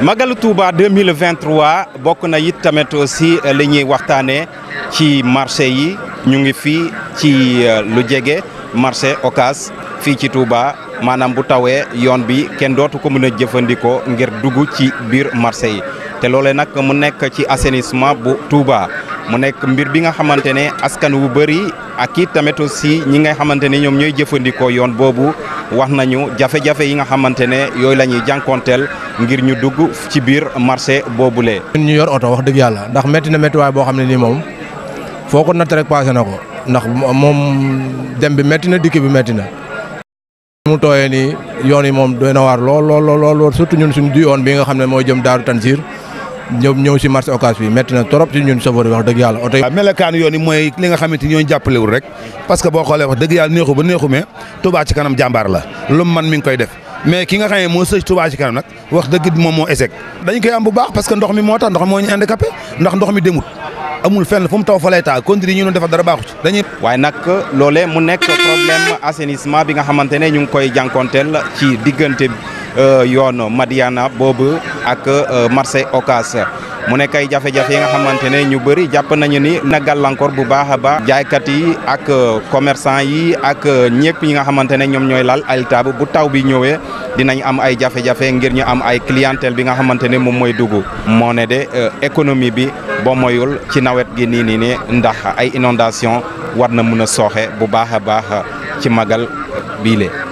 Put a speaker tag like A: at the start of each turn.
A: Magalu Touba 2023 bokk na it tamit aussi euh, li ñuy waxtaanee ci marché yi ñu ngi fii ci euh, lu jege marché Ocass fii ci Touba maanaam bu tawee yoon bi kenn dootu ko mën a jëfandikoo ngir dugg ci biir marché yi te loole nag mu nekk ci assainissement bu Touba. mu nekk mbir bi nga xamante ne askan wu bëri ak it tamit aussi ñi ngay xamante ne ñoom ñooy jëfandikoo yoon boobu wax nañu jafe-jafe yi nga xamante ne yooyu la ñuy jànkonteel ngir ñu dugg ci biir boobu boobulee
B: ñu yor oto wax dëgg yàlla ndax métti na méttiwaay boo xam ne nii moom foo ko natt rek passé na ko ndax moom dem bi métti na dikki bi métti na. mu tooyee nii yoon yi moom doy na waar lool lool lool lool surtout ñun suñu du yoon bi nga xam ne mooy jëm Daaru Tanzir ñëw ñëw si marché occas bi métti na trop si ñun chauffeur yi wax dëgg yàlla oto yi. waaw melokaanu yoon yi mooy li nga xamante ni ñooñu jàppalewul rek parce que boo xoolee wax dëgg
C: yàlla neexu ba neexu mais Touba ci kanam jàmbaar la lu man mi koy def mais ki nga xam ne moo sëcc Touba ci kanam nag wax dëgg moom moo échec. koy am bu baax parce que ndox mi moo tax ndox moo ñu handicapé ndax ndox mi demut
A: amul fenn fu mu taw fa lay taa continué ñu doon defar dara baaxu mu nekk problème assainissement bi nga xamante ne ñu ngi koy jànkonteel ci diggante Euh, yoon Madiana boobu ak euh, marché Ocass mu nekk ay jafe-jafe yi nga xamante ne ñu bëri jàpp nañu ni na gàllankoor bu baax a baax jaaykat yi ak euh, commerçant yi ak ñëpp yi nga xamante ne ñoom ñooy laal altaab bu taw bi ñëwee dinañ am ay jafejafe ngir ñu am ay clientèle bi nga xamante ne moom mooy dugg moo ne de économie bi boo moyul ci nawet gi nii nii ni ndax ay inondation war na mun a sooxe bu baax a baax ci magal biile